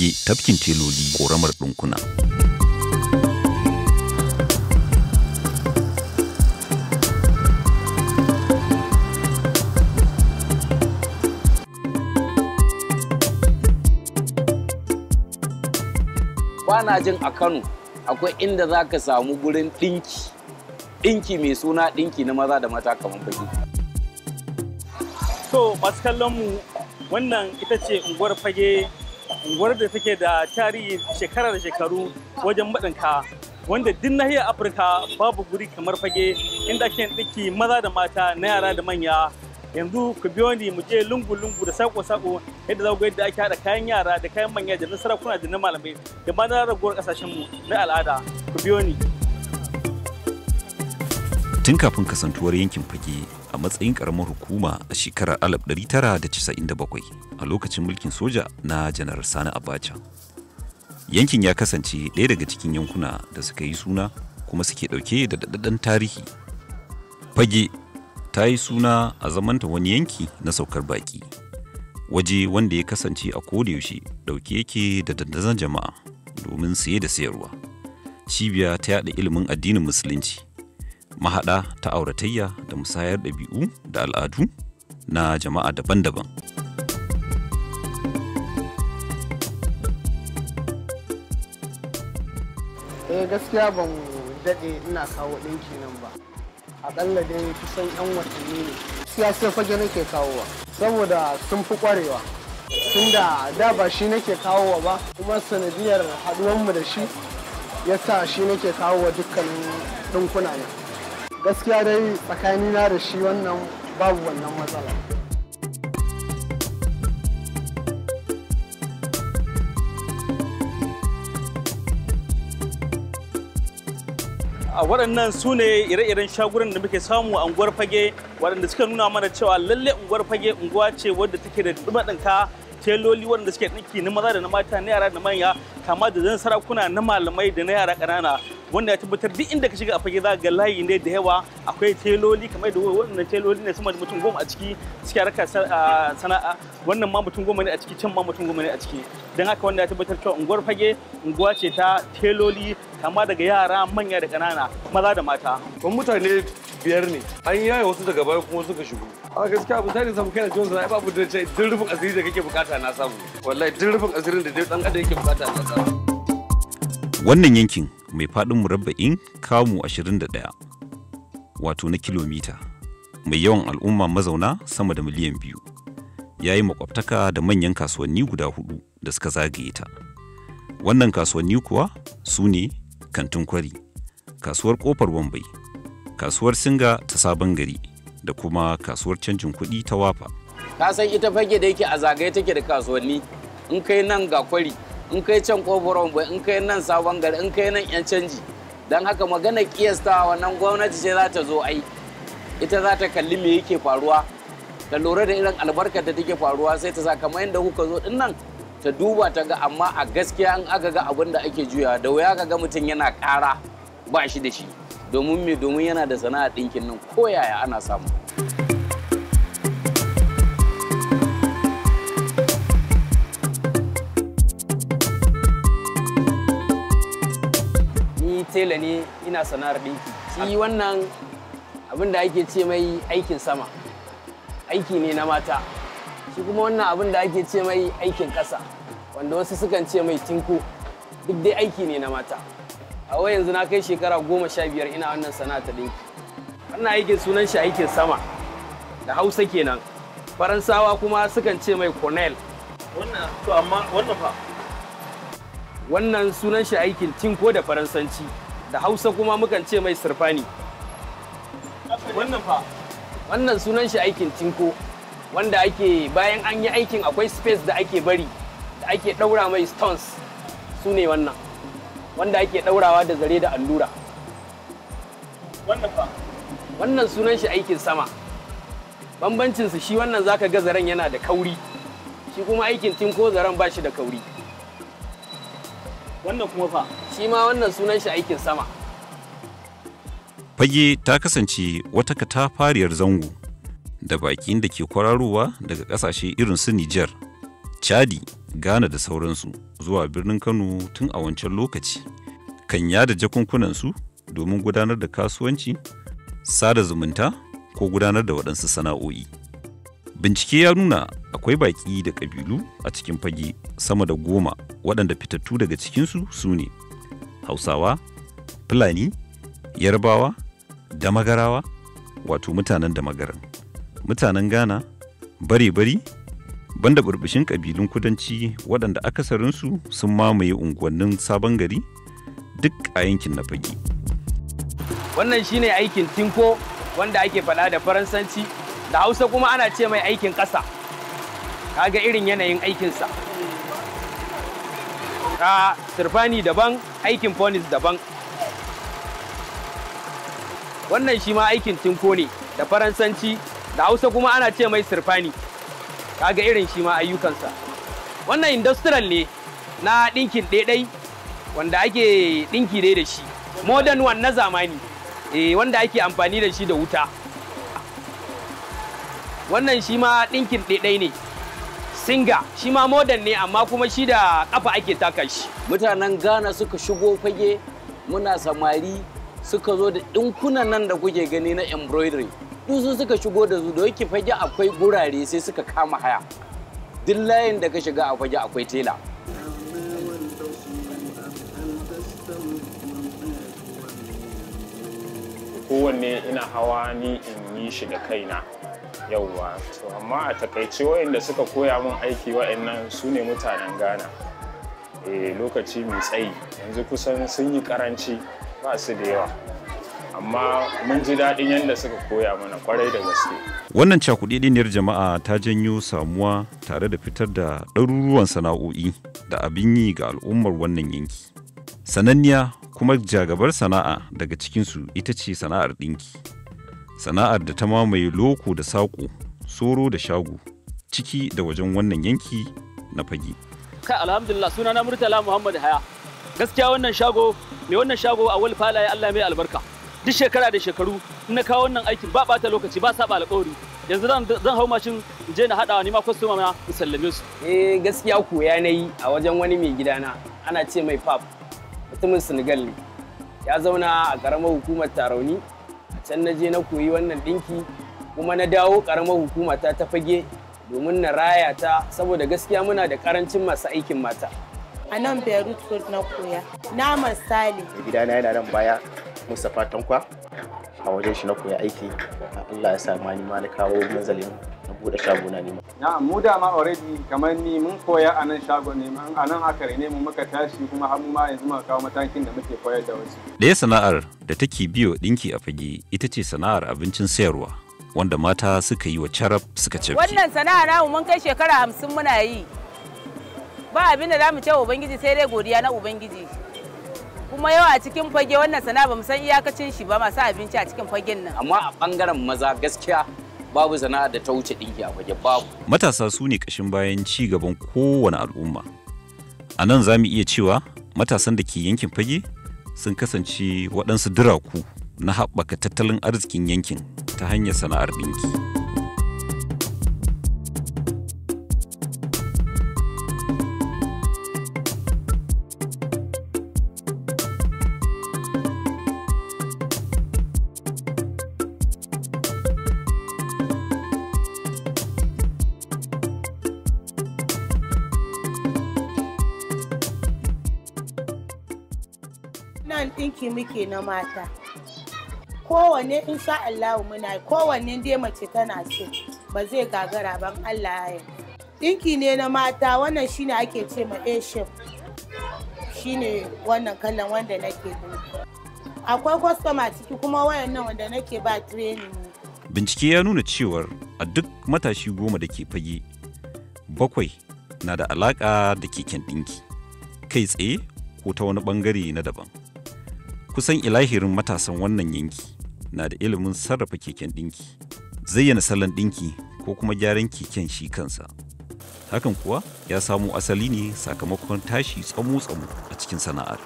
fage tafkin teloli ƙoramar ɗinkuna. Bana jin a Kano akwai inda za ka samu gurin ɗinki, ɗinki mai suna ɗinki na maza da mata kamar baki To, masu kallon mu wannan ita ce unguwar fage unguwar da take da tarihi shekara da shekaru wajen baɗin wanda duk nahiyar afirka babu guri kamar fage inda ake ɗiki maza da mata na yara da manya yanzu ku biyo ni mu je lungu-lungu da sako-sako yadda za ku yadda ake haɗa kayan yara da kayan manya da na sarakuna da na malamai da ma na ragowar mu na al'ada ku biyo ni. Tun kafin kasantuwar yankin fage a matsayin karamar hukuma a shekarar 1997 a lokacin mulkin soja na janar sani abacha yankin ya kasance ɗaya daga cikin yankuna da suka yi suna kuma suke ɗauke da daɗaɗɗen tarihi fage ta yi suna a zamanta wani yanki na saukar baƙi waje wanda ya kasance a kodayaushe ɗauke yake da dandazon jama'a domin saye da sayarwa cibiya ta yaɗa ilimin addinin musulunci mahaɗa ta auratayya da musayar ɗabi'u da al'adu na jama'a daban-daban. eh gaskiya mu daɗe ina kawo ɗinki nan ba aƙalla dai kusan 'yan watanni ne sai fage nake kawowa saboda sun fi ƙwarewa tunda da ba shi nake kawowa ba kuma sanadiyar haɗuwanmu da shi ya sa shi nake kawowa dukkanin ɗinkuna ne gaskiya dai tsakanina da shi wannan babu wannan matsala a waɗannan su ne ire-iren shagunan da muke samu a unguwar fage waɗanda suka nuna mana cewa lalle unguwar fage unguwa ce wadda take da dumaɗinka teloli waɗanda suke ɗinki na maza da na mata na yara da manya kama da zan sarakuna na malamai da na yara ƙanana wanda ya tabbatar duk inda ka shiga a fage za ga layi ne da yawa akwai teloli kamar da wannan teloli ne sama da mutum goma a ciki suke harkar sana'a wannan ma mutum goma ne a ciki can ma mutum goma ne a ciki don haka wanda ya tabbatar cewa unguwar fage unguwa ce ta teloli kama daga yara manya da ƙanana maza da mata. Kun mutane biyar ne an yaye wasu daga baya kuma suka shigo. A gaskiya abu sai samu kai da Jones na babu da ce duk rufin asiri da kake bukata na samu. Wallahi duk rufin asirin da dai dan adam yake bukata na samu. wannan yankin mai faɗin murabba'in kamu 21 wato na kilomita mai yawan al'umma mazauna sama da miliyan biyu ya yi makwabtaka da manyan kasuwanni guda hudu da suka zagaye ta wannan kasuwanni kuwa su ne kantin kwari kasuwar kofar wambai kasuwar singa ta sabon gari da kuma kasuwar canjin kuɗi ta wafa ka san ita fage da yake a zagaye take da kasuwanni in kai nan ga kwari in kai can koforon bai in kai nan sabon gari in kai nan yan canji don haka magana kiyasta wannan gwamnati ce za ta zo ai ita za ta kalli me yake faruwa ta lura da irin albarkar da take faruwa sai ta sa kamar yanda kuka zo din nan ta duba ta ga amma a gaskiya in aka ga abin da ake juyawa da wuya ka ga mutum yana ƙara ba shi da shi domin me domin yana da sana'a ɗinkin nan ko yaya ana samu ne ina sana'ar ɗinki shi wannan abin da ake ce mai aikin sama aiki ne na mata shi kuma wannan abin da ake ce mai aikin ƙasa wanda wasu sukan ce mai tinko duk dai aiki ne na mata a wai yanzu na kai shekara goma sha biyar ina wannan sana'a ta ɗinki wannan aikin sunan shi aikin sama da hausa kenan faransawa kuma sukan ce mai cornel wannan to amma wannan fa wannan sunan shi aikin tinko da faransanci da hausa kuma mukan ce mai sirfani wannan fa wannan sunan shi aikin cinko wanda ake bayan an yi aikin akwai space da ake bari da ake ɗaura mai stones su ne wannan wanda ake ɗaurawa da zare da allura wannan fa wannan sunan shi aikin sama bambancinsu shi wannan zaka ga zaren yana da kauri shi kuma aikin tinko zaren ba shi da kauri wannan kuma fa shi ma wannan sunan shi aikin sama fage ta kasance wata katafariyar zango da bakin da ke kwararowa daga kasashe irin su Nijar, Chadi, Ghana da sauransu zuwa birnin Kano tun a wancan lokaci. Kan yada jakunkunansu domin gudanar da kasuwanci, sada zumunta ko gudanar da waɗansu sana'o'i. Bincike ya nuna akwai baƙi da ƙabilu a cikin fage sama da goma waɗanda fitattu daga cikinsu su ne hausawa fulani yarbawa da magarawa wato mutanen da magaran mutanen ghana bari bari banda burbushin kabilun kudanci waɗanda akasarinsu sun mamaye unguwannin sabon gari duk a yankin na fage wannan shine aikin tinko wanda ake faɗa da faransanci da hausa kuma ana ce mai aikin ƙasa kaga irin yanayin aikinsa a turfani daban aikin ponis daban wannan shi ma aikin tinko ne da faransanci da hausa kuma ana ce mai sirfani kaga irin shi ma ayyukansa wannan industrial ne na ɗinkin ɗaiɗai wanda ake ɗinki dai da shi modern one na zamani eh wanda ake amfani da shi da wuta wannan shi ma ɗinkin ɗaiɗai ne singa shi ma modern ne amma kuma shi da kafa ake taka shi mutanen ghana suka shigo fage muna samari suka zo da ɗinkunan nan da kuke gani na embroidery su suka shigo da su da yake fage akwai gurare sai suka kama haya duk layin da ka shiga a fage akwai tela kowanne ina hawa ni in yi shi da kaina yauwa to amma a takaice wayanda suka koya min aiki wayannan su ne mutanen ghana e, lokaci mai tsayi yanzu kusan sun yi karanci ba su da yawa amma mun ji daɗin yadda suka koya mana kwarai da gaske wannan cakudidiniyar jama'a ta janyo samuwa tare da fitar da ɗaruruwan sana'o'i da abin yi ga al'ummar wannan yanki sananniya kuma jagabar sana'a daga cikinsu ita ce sana'ar ɗinki sana'ar da ta mamaye loko da saƙo soro da shago ciki da wajen wannan yanki na fage kai alhamdulillah suna na murtala muhammad haya gaskiya wannan shago mai wannan shago a wal falaye allah mai albarka duk shekara da shekaru in na kawo wannan aikin ba bata lokaci ba saba alƙawari yanzu zan hau mashin in je na haɗa ni ma kwastoma na in sallame su. Eh gaskiya koya na yi a wajen wani mai gidana ana ce mai pap mutumin Senegal ne ya zauna a ƙaramar hukumar Tarauni can na je na koyi wannan ɗinki kuma na dawo ƙaramar hukuma ta ta fage domin na raya ta saboda gaskiya muna da karancin masu aikin mata. A nan Beirut na koya, na misali. Gidana yana nan baya Mustapha Tankwa. a wajen shi na koya aiki Allah ya sa ma ni ma na kawo manzalin na buɗe shagona ne ma. na mu da ma already kamar ni mun koya a nan shagon ne a nan aka rene mu muka tashi kuma har ma yanzu muka kawo matakin da muke koyar da wasu. Ɗaya sana'ar da take biyo ɗinki a fage ita ce sana'ar abincin sayarwa. Wanda mata suka yi wa carab suka ce. Wannan sana'a namu mun kai shekara hamsin muna yi. Ba abin da za mu ce Ubangiji sai dai godiya na Ubangiji. kuma yau a cikin fage wannan sana bamu san iyakacin shi ba masu abinci a cikin fagen nan amma a bangaren maza gaskiya babu sana'a da ta wuce dinki a fage babu matasa su ne kashin bayan ci gaban kowane al'umma a nan za mu iya cewa matasan da ke yankin fage sun kasance waɗansu duraku na haɓaka tattalin arzikin yankin ta hanyar sana'ar ɗinki. sana'an ɗinki muke na mata kowanne insha Allah muna kowanne dai mace tana so ba zai gagara ban Allah ya ɗinki ne na mata wannan shine ake ce ma Asian shine wannan kallon wanda nake akwai kwastoma ciki kuma wayannan wanda nake ba training bincike ya nuna cewar a duk matashi goma da ke fage bakwai na da alaka da keken ɗinki kai tsaye ko ta wani ɓangare na daban kusan ilahirin matasan wannan yanki na da ilimin sarrafa keken ɗinki zayyana salon ɗinki ko kuma gyaran keken shi kansa hakan kuwa ya samo asali ne sakamakon tashi tsamo-tsamo a cikin sana'ar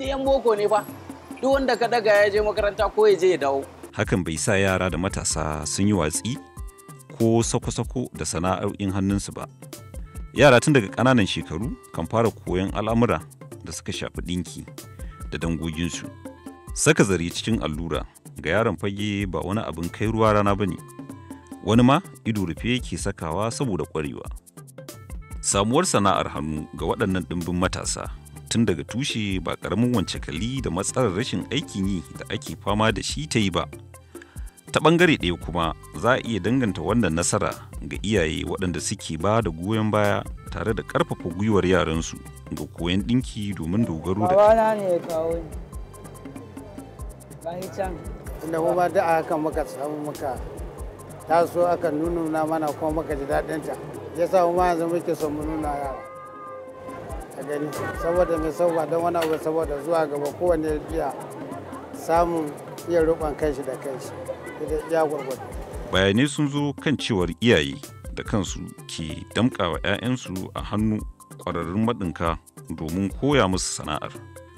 yan boko ne fa duk wanda ka daga ya je makaranta ko ya je ya dawo hakan bai sa yara da matasa sun yi watsi ko sako-sako da sana'o'in hannunsu ba yara tun daga ƙananan shekaru kan fara koyon al'amura da suka shafi ɗinki da dangoginsu. Saka zare cikin allura ga yaron fage ba wani abin kai ruwa rana ba ne, wani ma ido rufe ke sakawa saboda ƙwarewa. Samuwar sana'ar hannu ga waɗannan ɗimbin matasa tun daga tushe ba ƙaramin wance kali da matsalar rashin aikin yi da ake fama da shi ta yi ba. ta ɓangare ɗaya kuma za a iya danganta wannan nasara ga iyaye waɗanda suke ba da goyon baya tare da karfafa gwiwar yaransu ga koyon dinki domin dogaro da Babana ne kawo Bayan can. Inda mu ma da hakan muka samu muka taso aka nuna mana kuma muka ji daɗin ta. Ya sa ma yanzu muke son mu nuna yara. A gani saboda mai sauwa don wani abu saboda zuwa gaba kowane iya samun iya roƙon kanshi da kanshi. Ita iya gwargwado. Bayanai sun zo kan cewar iyaye da kansu ke damƙawa 'ya'yansu a hannu ƙwararrun maɗinka domin koya musu sana'ar.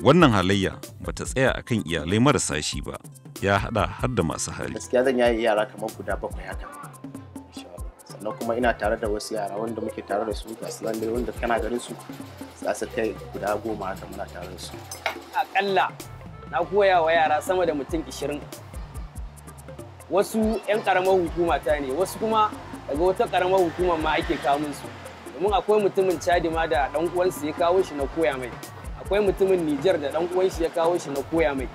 Wannan halayya ba ta tsaya a kan iyalai marasa shi ba, ya haɗa har da masu hali. Gaskiya zan yi yara kamar guda bakwai haka. Sannan kuma ina tare da wasu yara wanda muke tare da su ga nan dai wanda kana ganin su za su kai guda goma haka muna tare da su. Aƙalla na koya wa yara sama da mutum ishirin. Wasu 'yan ƙaramar hukuma ta ne, wasu kuma daga wata karamar hukumar ma ake kamun su domin akwai mutumin chadi ma da dan uwansa ya kawo shi na koya mai akwai mutumin nijar da dan uwan ya kawo shi na koya mai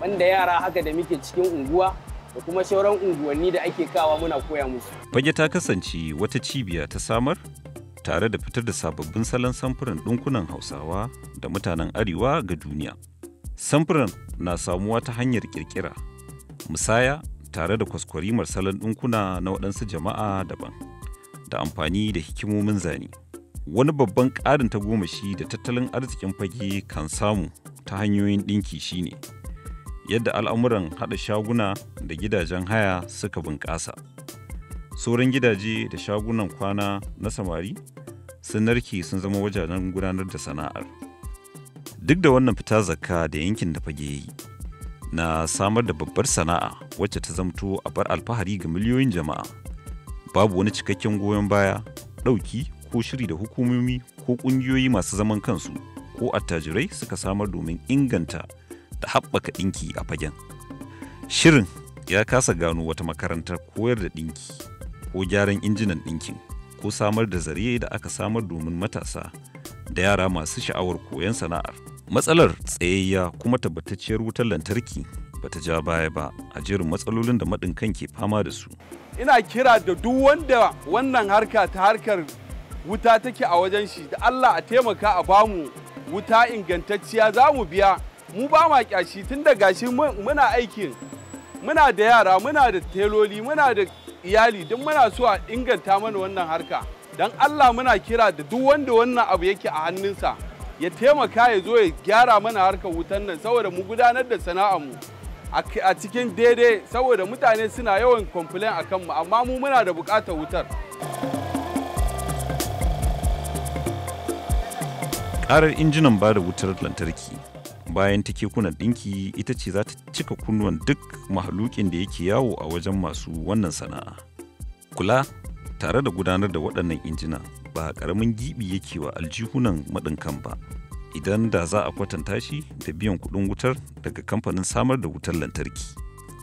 banda yara haka da muke cikin unguwa da kuma shauran unguwanni da ake kawa muna koya musu fage ta kasance wata cibiya ta samar tare da fitar da sababbin salon samfuran dunkunan hausawa da mutanen arewa ga duniya samfuran na samuwa ta hanyar kirkira musaya tare da kwaskwari salon ɗinkuna na waɗansu jama'a daban da amfani da hikimomin zane wani babban ƙarin ta goma shi da tattalin arzikin fage kan samu ta hanyoyin ɗinki shine yadda al'amuran haɗa shaguna da gidajen haya suka bunƙasa sauran gidaje da shagunan kwana na samari sun narke sun zama wajajen gudanar da sana'ar duk da wannan fita zakka da yankin da fage yi na samar da babbar sana'a wacce ta zamto a bar alfahari ga miliyoyin jama'a babu wani cikakken goyon baya ɗauki ko shiri da hukumomi ko ƙungiyoyi masu zaman kansu ko attajirai suka samar domin inganta da haɓaka ɗinki a fagen shirin ya kasa gano wata makarantar koyar da ɗinki ko gyaran injinan ɗinkin ko samar da zare da aka samar domin matasa da yara masu sha'awar koyon sana'ar matsalar tsayayya kuma tabbatacciyar wutar lantarki ba ta ja baya ba a jerin matsalolin da maɗin kan ke fama da su ina kira da duk wanda wannan harka ta harkar wuta take a wajen shi da allah a taimaka a bamu wuta ingantacciya za mu biya mu ba ma kyashi tun da gashi muna aikin muna da yara muna da teloli muna da iyali duk muna so a inganta mana wannan harka don allah muna kira da duk wanda wannan abu yake a hannunsa ya taimaka ya zo ya gyara mana harkar wutan nan saboda mu gudanar da mu a cikin daidai saboda mutane suna yawan complain a mu amma mu muna da buƙatar wutar. Ƙarar injinan ba da wutar lantarki bayan ta kuna ɗinki ita ce za ta cika kunnuwan duk mahalukin da yake yawo a wajen masu wannan sana'a. Kula tare da gudanar da waɗannan injina ba ƙaramin gibi yake wa aljihunan maɗinkan ba idan da za a kwatanta shi da biyan kuɗin wutar daga kamfanin samar da wutar lantarki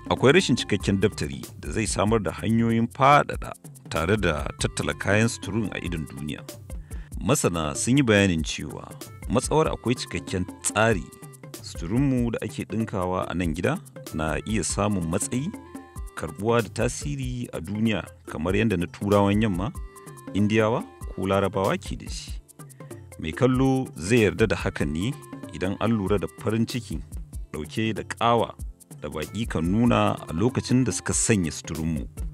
akwai rashin cikakken daftari da zai samar da hanyoyin faɗaɗa tare da tattala kayan suturin a idon duniya masana sun yi bayanin cewa matsawar akwai cikakken tsari suturinmu da ake ɗinkawa a nan gida na iya samun matsayi karbuwa da tasiri a duniya kamar yadda na turawan yamma indiyawa ko larabawa ke da shi mai kallo zai yarda da hakan ne idan an lura da farin ciki ɗauke da ƙawa da baƙi kan nuna a lokacin da suka sanya suturunmu.